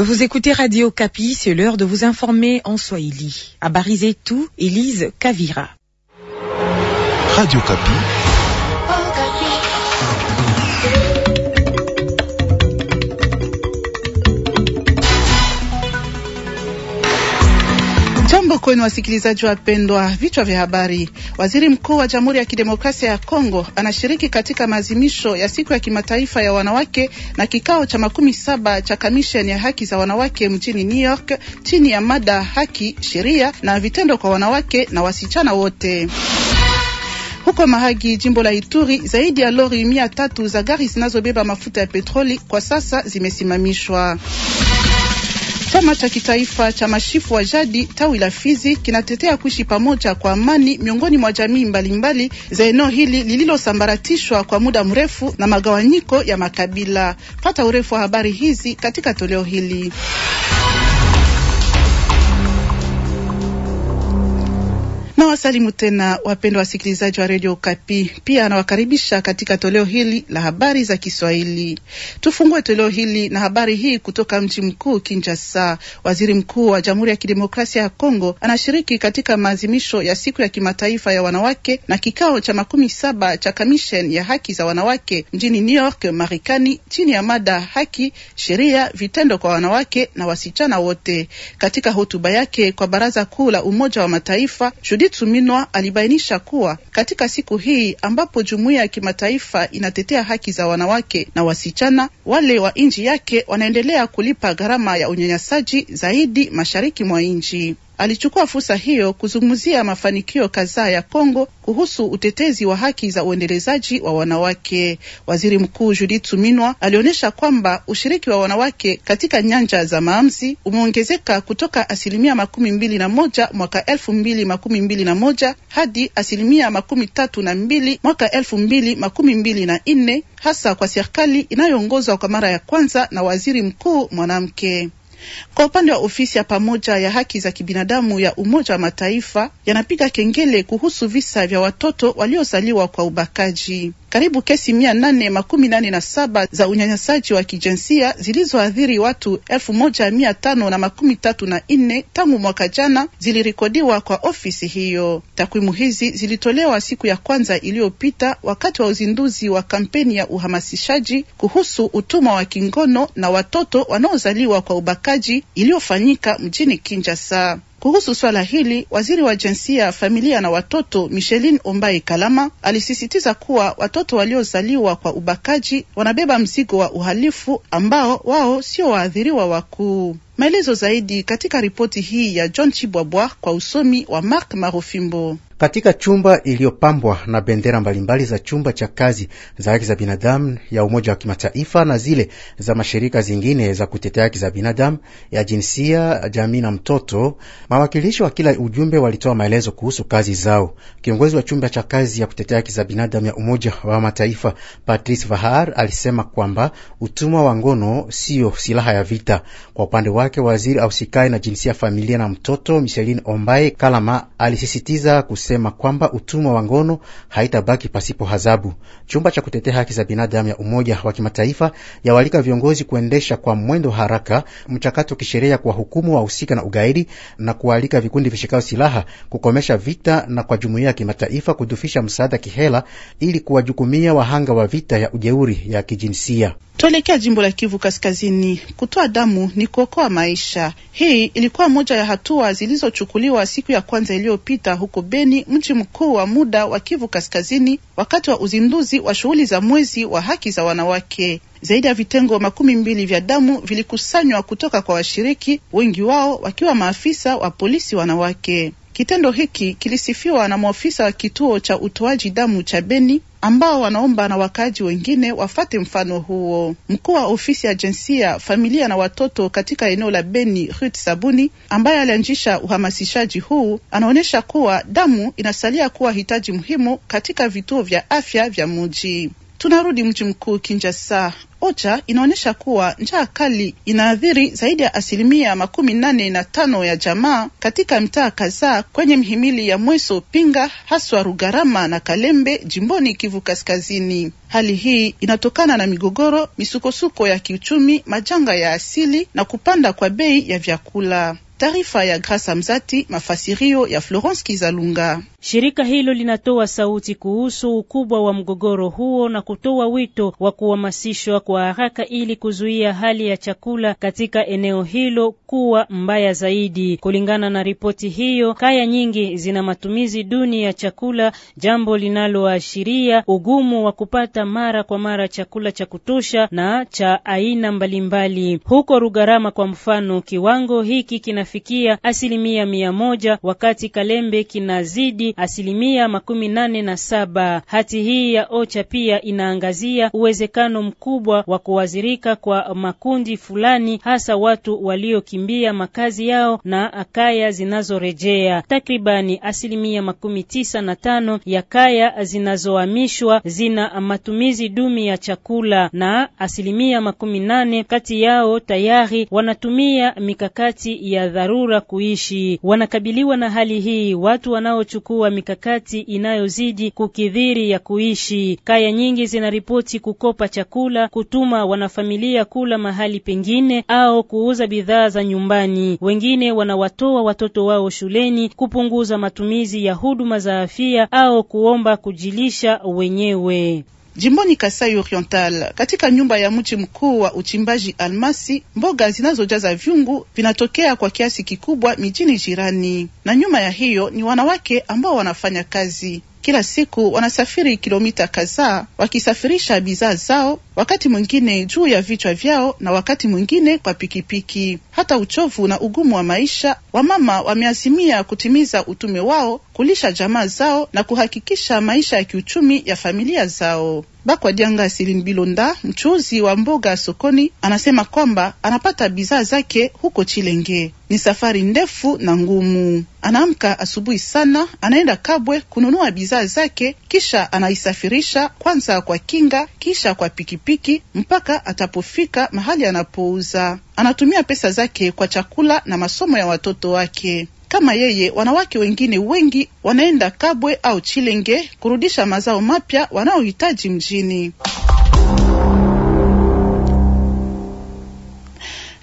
Vous écoutez Radio Capi, c'est l'heure de vous informer en Swahili. À tout, Elise Kavira. Radio Capi. kwenu wasikilizaji wapendwa, vichwa vya habari. Waziri mkuu wa Jamhuri ya Kidemokrasia ya Kongo anashiriki katika maazimisho ya siku ya kimataifa ya wanawake na kikao cha makumi saba cha kamisheni ya haki za wanawake mjini New York chini ya mada haki, sheria na vitendo kwa wanawake na wasichana wote. Huko Mahagi, jimbo la Ituri, zaidi ya lori mia tatu za gari zinazobeba mafuta ya petroli kwa sasa zimesimamishwa. Chama cha kitaifa cha mashifu wa jadi tawi la Fizi kinatetea kuishi pamoja kwa amani miongoni mwa jamii mbalimbali za eneo hili lililosambaratishwa kwa muda mrefu na magawanyiko ya makabila. Pata urefu wa habari hizi katika toleo hili. na wasalimu tena wapendwa wasikilizaji wa redio Kapi, pia anawakaribisha katika toleo hili la habari za Kiswahili. Tufungue toleo hili na habari hii kutoka mji mkuu Kinshasa. Waziri mkuu wa Jamhuri ya Kidemokrasia ya Kongo anashiriki katika maadhimisho ya siku ya kimataifa ya wanawake na kikao cha makumi saba cha kamishen ya haki za wanawake mjini New York, Marekani, chini ya mada haki, sheria, vitendo kwa wanawake na wasichana wote. Katika hotuba yake kwa Baraza Kuu la Umoja wa Mataifa Judith Zitsu Minwa alibainisha kuwa katika siku hii ambapo jumuiya ya kimataifa inatetea haki za wanawake na wasichana, wale wa nchi yake wanaendelea kulipa gharama ya unyanyasaji zaidi mashariki mwa nchi alichukua fursa hiyo kuzungumzia mafanikio kadhaa ya Kongo kuhusu utetezi wa haki za uendelezaji wa wanawake. Waziri Mkuu Judith Suminwa alionyesha kwamba ushiriki wa wanawake katika nyanja za maamuzi umeongezeka kutoka asilimia makumi mbili na moja mwaka elfu mbili makumi mbili na moja hadi asilimia makumi tatu na mbili mwaka elfu mbili makumi mbili na nne hasa kwa serikali inayoongozwa kwa mara ya kwanza na waziri mkuu mwanamke. Kwa upande wa ofisi ya pamoja ya haki za kibinadamu ya Umoja wa Mataifa, yanapiga kengele kuhusu visa vya watoto waliozaliwa kwa ubakaji karibu kesi mia nane makumi nane na saba za unyanyasaji wa kijinsia zilizoathiri watu elfu moja mia tano na makumi tatu na nne tangu mwaka jana zilirekodiwa kwa ofisi hiyo. Takwimu hizi zilitolewa siku ya kwanza iliyopita wakati wa uzinduzi wa kampeni ya uhamasishaji kuhusu utumwa wa kingono na watoto wanaozaliwa kwa ubakaji iliyofanyika mjini Kinshasa. Kuhusu swala hili, waziri wa jinsia, familia na watoto Micheline Ombai Kalama alisisitiza kuwa watoto waliozaliwa kwa ubakaji wanabeba mzigo wa uhalifu ambao wao sio waathiriwa wakuu. Maelezo zaidi katika ripoti hii ya John Chibwabwa kwa usomi wa Mark Marofimbo. Katika chumba iliyopambwa na bendera mbalimbali za chumba cha kazi za haki za binadamu ya Umoja wa Kimataifa na zile za mashirika zingine za kutetea haki za binadamu ya jinsia, jamii na mtoto, mawakilishi wa kila ujumbe walitoa maelezo kuhusu kazi zao. Kiongozi wa chumba cha kazi ya kutetea haki za binadamu ya Umoja wa Mataifa Patrice Vahar alisema kwamba utumwa wa ngono sio silaha ya vita. Kwa upande wake wanawake waziri ausikae na jinsia, familia na mtoto Micheline Ombaye Kalama alisisitiza kusema kwamba utumwa wa ngono haitabaki pasipo hazabu. Chumba cha kutetea haki za binadamu ya Umoja wa Kimataifa yawalika viongozi kuendesha kwa mwendo haraka mchakato kisheria kwa hukumu wahusika na ugaidi na kualika vikundi vishikao silaha kukomesha vita na kwa jumuiya ya kimataifa kudufisha msaada kihela ili kuwajukumia wahanga wa vita ya ujeuri ya kijinsia. Tuelekea jimbo la Kivu Kaskazini. Kutoa damu ni kuokoa maisha. Hii ilikuwa moja ya hatua zilizochukuliwa siku ya kwanza iliyopita huko Beni, mji mkuu wa muda wa Kivu Kaskazini, wakati wa uzinduzi wa shughuli za mwezi wa haki za wanawake. Zaidi ya vitengo makumi mbili vya damu vilikusanywa kutoka kwa washiriki, wengi wao wakiwa maafisa wa polisi wanawake. Kitendo hiki kilisifiwa na maafisa wa kituo cha utoaji damu cha Beni ambao wanaomba na wakaaji wengine wafate mfano huo. Mkuu wa ofisi ya jinsia, familia na watoto katika eneo la Beni, rut Sabuni, ambaye alianzisha uhamasishaji huu, anaonyesha kuwa damu inasalia kuwa hitaji muhimu katika vituo vya afya vya muji. Tunarudi mji mkuu Kinshasa. OCHA inaonyesha kuwa njaa kali inaathiri zaidi ya asilimia makumi nane na tano ya jamaa katika mtaa kadhaa kwenye mhimili ya Mweso Pinga, haswa Rugarama na Kalembe, jimboni Kivu Kaskazini. Hali hii inatokana na migogoro, misukosuko ya kiuchumi, majanga ya asili na kupanda kwa bei ya vyakula. Taarifa ya Grasa Mzati, mafasirio ya Florence Kizalunga. Shirika hilo linatoa sauti kuhusu ukubwa wa mgogoro huo na kutoa wito wa kuhamasishwa kwa haraka ili kuzuia hali ya chakula katika eneo hilo kuwa mbaya zaidi. Kulingana na ripoti hiyo, kaya nyingi zina matumizi duni ya chakula, jambo linaloashiria ugumu wa kupata mara kwa mara chakula cha kutosha na cha aina mbalimbali. Huko Rugarama kwa mfano, kiwango hiki kinafikia asilimia mia moja wakati Kalembe kinazidi asilimia makumi nane na saba. Hati hii ya OCHA pia inaangazia uwezekano mkubwa wa kuwazirika kwa makundi fulani, hasa watu waliokimbia makazi yao na akaya zinazorejea. Takribani asilimia makumi tisa na tano ya kaya zinazohamishwa zina matumizi dumi ya chakula na asilimia makumi nane kati yao tayari wanatumia mikakati ya dharura kuishi. Wanakabiliwa na hali hii watu wanaochukua kuwa mikakati inayozidi kukidhiri ya kuishi. Kaya nyingi zinaripoti kukopa chakula, kutuma wanafamilia kula mahali pengine au kuuza bidhaa za nyumbani. Wengine wanawatoa watoto wao shuleni kupunguza matumizi ya huduma za afya au kuomba kujilisha wenyewe. Jimboni Kasai Oriental, katika nyumba ya mji mkuu wa uchimbaji almasi, mboga zinazojaza vyungu vinatokea kwa kiasi kikubwa mijini jirani, na nyuma ya hiyo ni wanawake ambao wanafanya kazi. Kila siku wanasafiri kilomita kadhaa wakisafirisha bidhaa zao, wakati mwingine juu ya vichwa vyao na wakati mwingine kwa pikipiki. Hata uchovu na ugumu wa maisha, wamama wameazimia kutimiza utume wao, kulisha jamaa zao na kuhakikisha maisha ya kiuchumi ya familia zao. Bakwadianga Asilin Bilonda, mchuuzi wa mboga sokoni, anasema kwamba anapata bidhaa zake huko Chilenge. Ni safari ndefu na ngumu. Anaamka asubuhi sana, anaenda Kabwe kununua bidhaa zake, kisha anaisafirisha kwanza kwa kinga, kisha kwa pikipiki mpaka atapofika mahali anapouza. Anatumia pesa zake kwa chakula na masomo ya watoto wake. Kama yeye, wanawake wengine wengi wanaenda Kabwe au Chilenge kurudisha mazao mapya wanaohitaji mjini.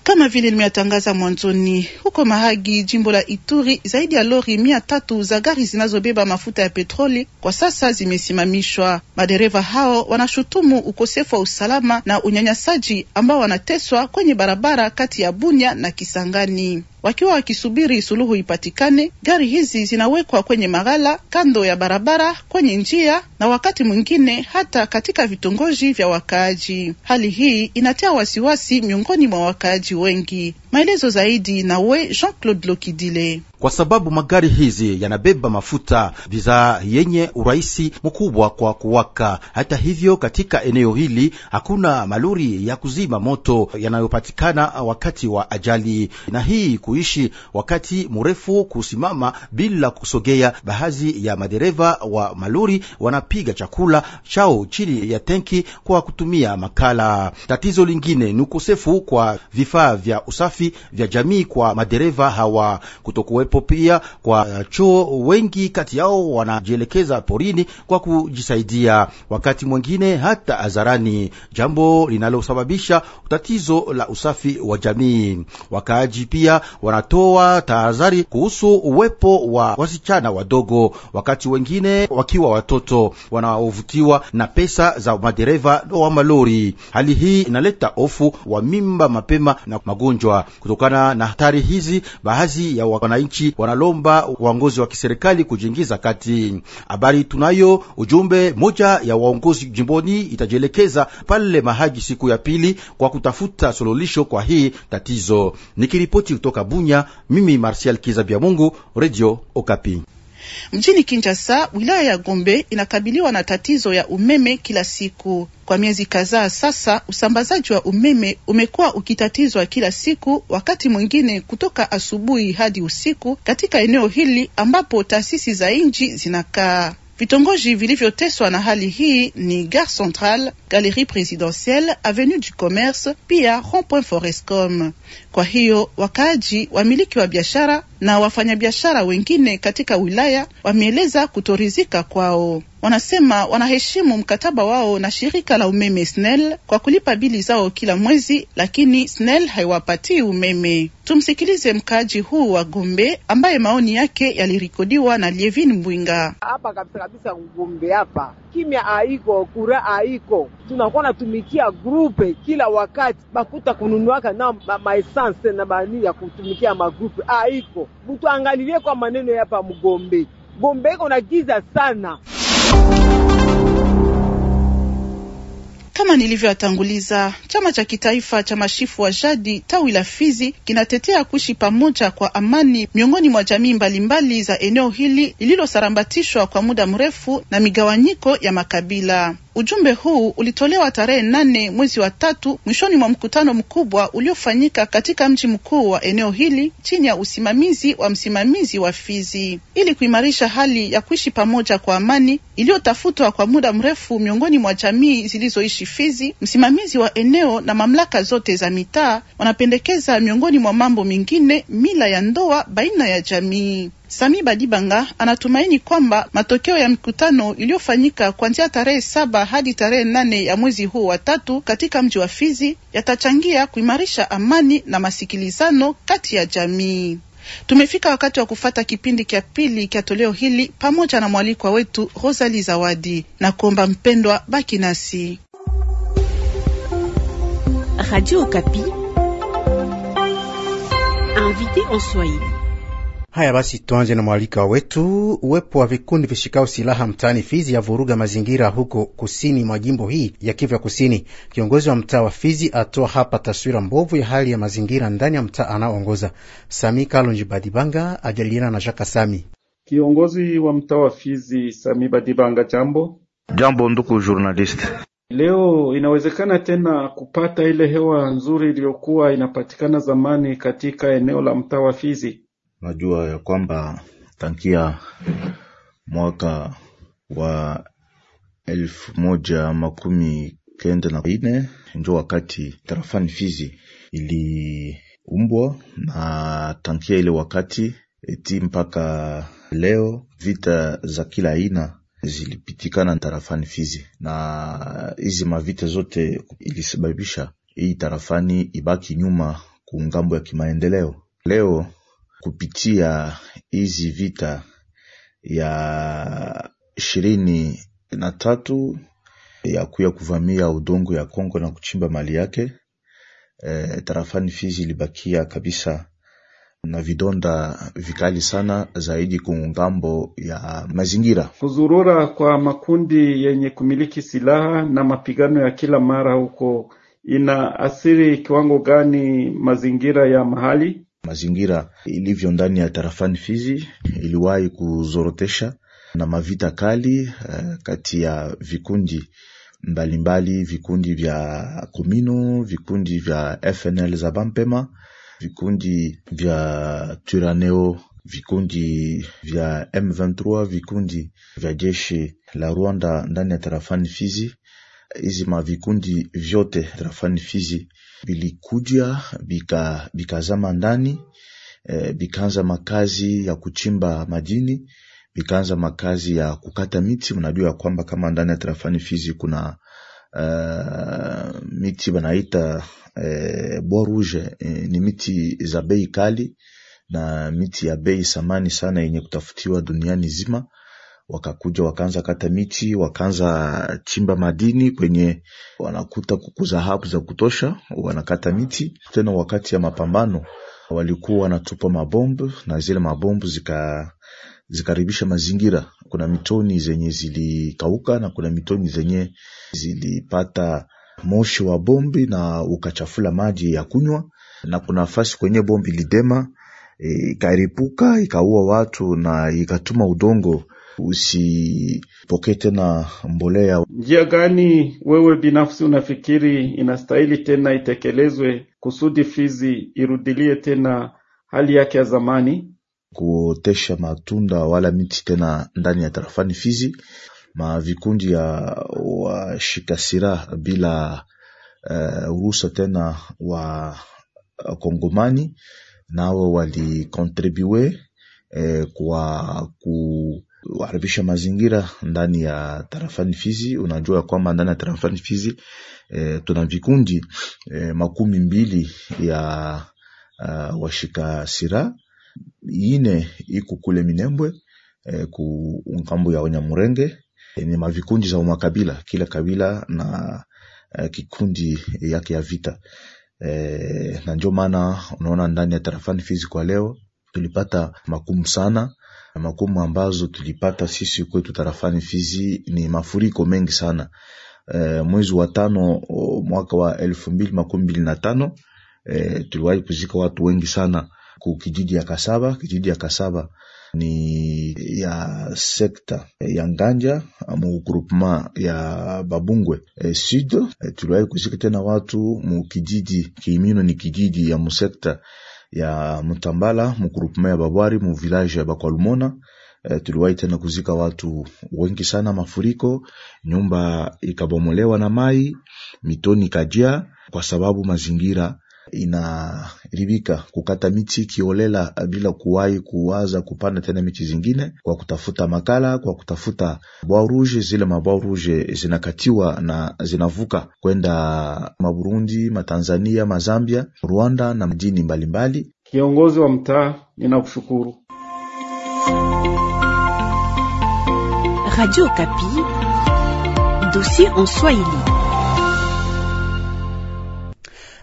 Kama vile nimeyatangaza mwanzoni, huko Mahagi, jimbo la Ituri, zaidi ya lori mia tatu za gari zinazobeba mafuta ya petroli kwa sasa zimesimamishwa. Madereva hao wanashutumu ukosefu wa usalama na unyanyasaji ambao wanateswa kwenye barabara kati ya Bunya na Kisangani wakiwa wakisubiri suluhu ipatikane. Gari hizi zinawekwa kwenye maghala kando ya barabara, kwenye njia na wakati mwingine hata katika vitongoji vya wakaaji. Hali hii inatia wasiwasi miongoni mwa wakaaji wengi. Maelezo zaidi nawe Jean Claude Lokidile. Kwa sababu magari hizi yanabeba mafuta bidhaa yenye urahisi mkubwa kwa kuwaka. Hata hivyo, katika eneo hili hakuna malori ya kuzima moto yanayopatikana wakati wa ajali, na hii kuishi wakati mrefu kusimama bila kusogea. Baadhi ya madereva wa malori wanapiga chakula chao chini ya tenki kwa kutumia makala. Tatizo lingine ni ukosefu kwa vifaa vya usafi vikosi vya jamii kwa madereva hawa, kutokuwepo pia kwa uh, choo, Wengi kati yao wanajielekeza porini kwa kujisaidia, wakati mwingine hata hadharani, jambo linalosababisha tatizo la usafi wa jamii. Wakaaji pia wanatoa tahadhari kuhusu uwepo wa wasichana wadogo, wakati wengine wakiwa watoto wanaovutiwa na pesa za madereva wa malori. Hali hii inaleta hofu wa mimba mapema na magonjwa. Kutokana na hatari hizi, baadhi ya wananchi wanalomba waongozi wa kiserikali kujiingiza kati. Habari tunayo ujumbe moja ya waongozi jimboni itajielekeza pale Mahagi siku ya pili kwa kutafuta sololisho kwa hii tatizo. Nikiripoti kutoka Bunya, mimi Martial Kiza Bya Mungu, Radio Okapi. Mjini Kinshasa, wilaya ya Gombe inakabiliwa na tatizo ya umeme kila siku. Kwa miezi kadhaa sasa, usambazaji wa umeme umekuwa ukitatizwa kila siku, wakati mwingine kutoka asubuhi hadi usiku katika eneo hili ambapo taasisi za nchi zinakaa. Vitongoji vilivyoteswa na hali hii ni Gare Centrale, Galerie Presidentielle, Avenue du Commerce, pia Rond-Point Forescom. Kwa hiyo wakaaji, wamiliki wa biashara na wafanyabiashara wengine katika wilaya wameeleza kutorizika kwao wanasema wanaheshimu mkataba wao na shirika la umeme SNEL kwa kulipa bili zao kila mwezi, lakini SNEL haiwapatii umeme. Tumsikilize mkaaji huu wa Gombe ambaye maoni yake yalirikodiwa na Lievin Mbwinga. Hapa kabisa kabisa Gombe hapa kimya aiko kura aiko, tunakuwa natumikia grupe kila wakati, bakuta kununuaka na maesanse na bani ya kutumikia magrupe aiko, Mtu angalilie kwa maneno yapa mgombe Gombe iko na giza sana. Kama nilivyoyatanguliza, chama cha kitaifa cha mashifu wa jadi tawi la Fizi kinatetea kuishi pamoja kwa amani miongoni mwa jamii mbalimbali za eneo hili lililosarambatishwa kwa muda mrefu na migawanyiko ya makabila. Ujumbe huu ulitolewa tarehe nane mwezi wa tatu mwishoni mwa mkutano mkubwa uliofanyika katika mji mkuu wa eneo hili chini ya usimamizi wa msimamizi wa Fizi ili kuimarisha hali ya kuishi pamoja kwa amani iliyotafutwa kwa muda mrefu miongoni mwa jamii zilizoishi Fizi. Msimamizi wa eneo na mamlaka zote za mitaa wanapendekeza miongoni mwa mambo mengine mila ya ndoa baina ya jamii. Sami Badibanga anatumaini kwamba matokeo ya mkutano iliyofanyika kuanzia tarehe saba hadi tarehe nane ya mwezi huu wa tatu katika mji wa Fizi yatachangia kuimarisha amani na masikilizano kati ya jamii. Tumefika wakati wa kufata kipindi cha pili cha toleo hili pamoja na mwalikwa wetu Rosali Zawadi na kuomba mpendwa, baki nasi Radio Kapi. Invité en Swahili. Haya basi, tuanze na mwalika wetu. Uwepo wa vikundi vishikao silaha mtaani Fizi ya vuruga mazingira huko kusini mwa jimbo hii ya Kivu ya Kusini. Kiongozi wa mtaa wa Fizi atoa hapa taswira mbovu ya hali ya mazingira ndani ya mtaa anaoongoza. Sami Kalonji Badibanga ajaliana na Jaka Sami, kiongozi wa mtaa wa Fizi. Sami Badibanga, jambo jambo nduku journalist. Leo inawezekana tena kupata ile hewa nzuri iliyokuwa inapatikana zamani katika eneo la mtaa wa Fizi. Najua ya kwamba tankia mwaka wa elfu moja makumi kenda na ine njo wakati tarafani Fizi iliumbwa, na tankia ile wakati eti mpaka leo vita za kila aina zilipitikana tarafani Fizi, na hizi mavita zote ilisababisha hii tarafani ibaki nyuma kungambo ya kimaendeleo leo kupitia hizi vita ya ishirini na tatu ya kuya kuvamia udongo ya Kongo na kuchimba mali yake. E, tarafani Fizi ilibakia kabisa na vidonda vikali sana zaidi kungambo ya mazingira. Kuzurura kwa makundi yenye kumiliki silaha na mapigano ya kila mara huko inaathiri kiwango gani mazingira ya mahali? Mazingira ilivyo ndani ya tarafani Fizi iliwahi kuzorotesha na mavita kali eh, kati ya vikundi mbalimbali mbali, vikundi vya Komino, vikundi vya FNL za Bampema, vikundi vya Turaneo, vikundi vya M23, vikundi vya jeshi la Rwanda ndani ya tarafani Fizi hizi mavikundi vyote tarafani Fizi vilikuja bika, bikazama ndani e, eh, bikaanza makazi ya kuchimba majini bikaanza makazi ya kukata miti. ya kwamba kama ndani ya tarafani Fizi kuna uh, miti wanaita uh, eh, bois rouge ni miti za bei kali na miti ya bei samani sana yenye kutafutiwa duniani zima wakakuja wakaanza kata miti, wakaanza chimba madini kwenye wanakuta kukuza dhahabu za kutosha, wanakata michi tena. Wakati ya mapambano walikuwa wanatupa mabombu na zile mabombu zika zikaribisha mazingira. Kuna mitoni zenye zilikauka na kuna mitoni zenye zilipata moshi wa bombi na ukachafula maji ya kunywa, na kuna nafasi kwenye bombi lidema e, ikaripuka ikaua watu na ikatuma udongo usipokee tena mbolea. Njia gani wewe binafsi unafikiri inastahili tena itekelezwe kusudi Fizi irudilie tena hali yake ya zamani? Kuotesha matunda wala miti tena ndani ya tarafani Fizi, ma vikundi ya washikasira bila uh, eh, uruhusa tena wa Kongomani nao walikontribue eh, kwa ku kuharibisha mazingira ndani ya tarafani Fizi. Unajua kwamba ndani ya tarafani Fizi e, tuna vikundi e, makumi mbili ya uh, washika sira ine iko kule Minembwe e, ku ngambo ya Wanyamurenge e, ni mavikundi za makabila kila kabila na e, kikundi yake ya vita e, na ndio maana unaona ndani ya tarafani Fizi kwa leo tulipata makumu sana na makumu ambazo tulipata sisi kwetu tarafani Fizi ni mafuriko mengi sana. E, mwezi wa tano mwaka wa elfu mbili makumi mbili na tano e, tuliwahi kuzika watu wengi sana ku kijiji ya Kasaba. Kijiji ya Kasaba ni ya sekta ya Nganja mu groupement ya Babungwe e, sud e, tuliwahi kuzika tena watu mu kijiji Kiimino, ni kijiji ya musekta ya Mtambala mugroupement ya Babwari mu village ya Bakwalumona. E, tuliwahi tena kuzika watu wengi sana, mafuriko, nyumba ikabomolewa na mai, mitoni kajia kwa sababu mazingira inaribika kukata michi kiolela bila kuwahi kuwaza kupanda tena michi zingine, kwa kutafuta makala, kwa kutafuta bwa rouge. Zile mabwa rouge zinakatiwa na zinavuka kwenda Maburundi, Matanzania, Mazambia, Rwanda na mjini mbalimbali. Kiongozi wa mtaa, ninakushukuru. Radio Kapi, dossier en Swahili.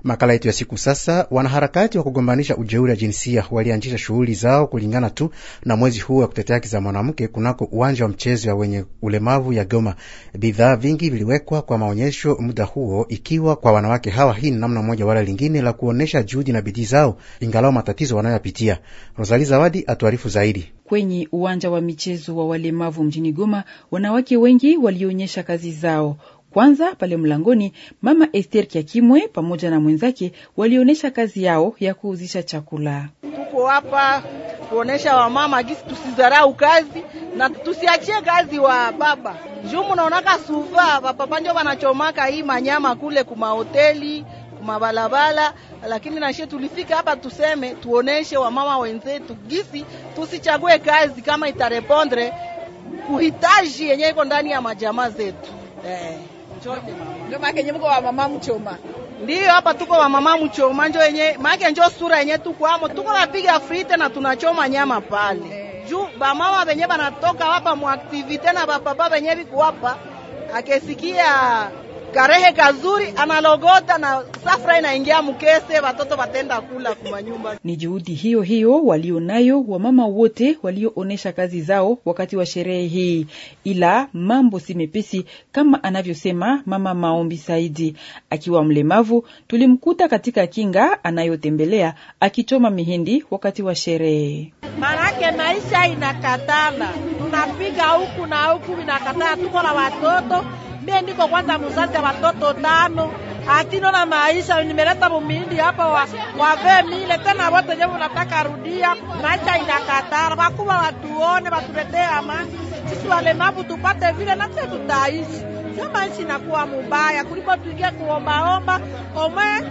Makala yetu ya siku sasa. Wanaharakati wa kugombanisha ujeuri wa jinsia walianzisha shughuli zao kulingana tu na mwezi huu wa kutetea haki za mwanamke kunako uwanja wa mchezo ya wenye ulemavu ya Goma. Bidhaa vingi viliwekwa kwa maonyesho muda huo, ikiwa kwa wanawake hawa hii ni namna moja wala lingine la kuonyesha juhudi na bidii zao, ingalao matatizo wanayopitia. Rosali Zawadi atuarifu zaidi. Kwenye uwanja wa michezo wa walemavu mjini Goma, wanawake wengi walionyesha kazi zao kwanza pale mlangoni, mama Ester Kiakimwe pamoja na mwenzake walionyesha kazi yao ya kuuzisha chakula. tuko hapa kuonesha wamama gisi tusizarau kazi na tusiachie kazi wa baba juu munaonaka suva wapapa ndio wanachomaka hii manyama kule kumahoteli kumabalabala, lakini nashe tulifika hapa tuseme tuoneshe wamama wenzetu gisi tusichague kazi kama itarepondre kuhitaji yenye iko ndani ya majamaa zetu eh ndio maana mko wa mama mchoma Ndio hapa tuko wa mama mchoma, njo yenye maana njo sura yenye tuko amo, tuko napiga frite na tunachoma nyama pale eh. juu mama benye banatoka hapa mu activite na bapapa benye biko hapa akesikia karehe kazuri analogota na safra inaingia mukese, watoto watenda kula nyumba. Ni juhudi hiyo hiyo walio wa wamama wote walioonesha kazi zao wakati wa sherehe hii, ila mambo si mepesi kama anavyosema mama Maombi Saidi. Akiwa mlemavu, tulimkuta katika kinga anayotembelea akichoma mihindi wakati wa sherehe. Manake maisha inakatala, tunapiga huku na huku inakatala, tuko na watoto Mie niko kwanza muzazi ya watoto tano akino na maisha nimeleta mumindi hapa wa, wa vemile tena wote jevo nataka rudia maisha inakatara wakuwa watuone watuletee amani sisi walemavu tupate vile na tutaishi sio maisha inakuwa mubaya kuliko tuingie kuombaomba omwe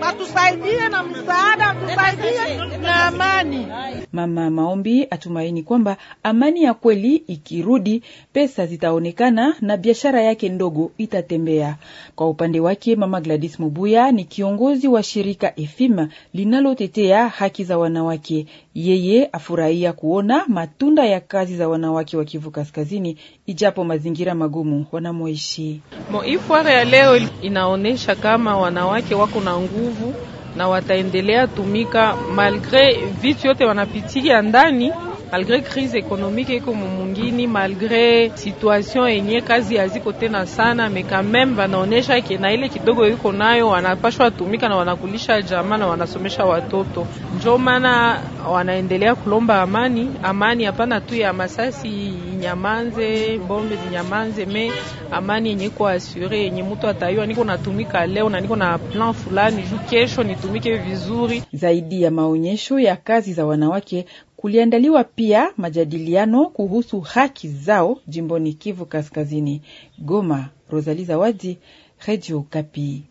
watusaidie na msaada, tusaidie na amani. Mama Maombi atumaini kwamba amani ya kweli ikirudi, pesa zitaonekana na biashara yake ndogo itatembea. Kwa upande wake, Mama Gladys Mubuya ni kiongozi wa shirika Efima linalotetea haki za wanawake. Yeye afurahia kuona matunda ya kazi za wanawake wa Kivu Kaskazini, ijapo mazingira magumu wanamoishi. Mo fwara ya leo inaonyesha kama wanawake wako na nguvu na wataendelea tumika malgre vitu yote wanapitia ndani malgre crise économique iko mumungini, malgre situation enye kazi haziko tena sana, mekameme wanaonesha ke na ile kidogo iko nayo wanapashwa tumika na wanakulisha jamaa na wanasomesha watoto. Njo maana wanaendelea kulomba amani, amani hapana tu ya masasi inyamanze, bombe zinyamanze, me amani yenye ko asure yenye mtu ataiwa, niko natumika leo na niko na plan fulani juu kesho nitumike vizuri. Zaidi ya maonyesho ya kazi za wanawake Kuliandaliwa pia majadiliano kuhusu haki zao jimboni Kivu Kaskazini. Goma, Rosali Zawadi, Radio Kapi.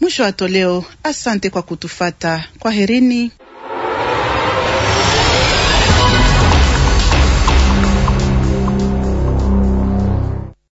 Mwisho wa toleo. Asante kwa kutufata. Kwaherini.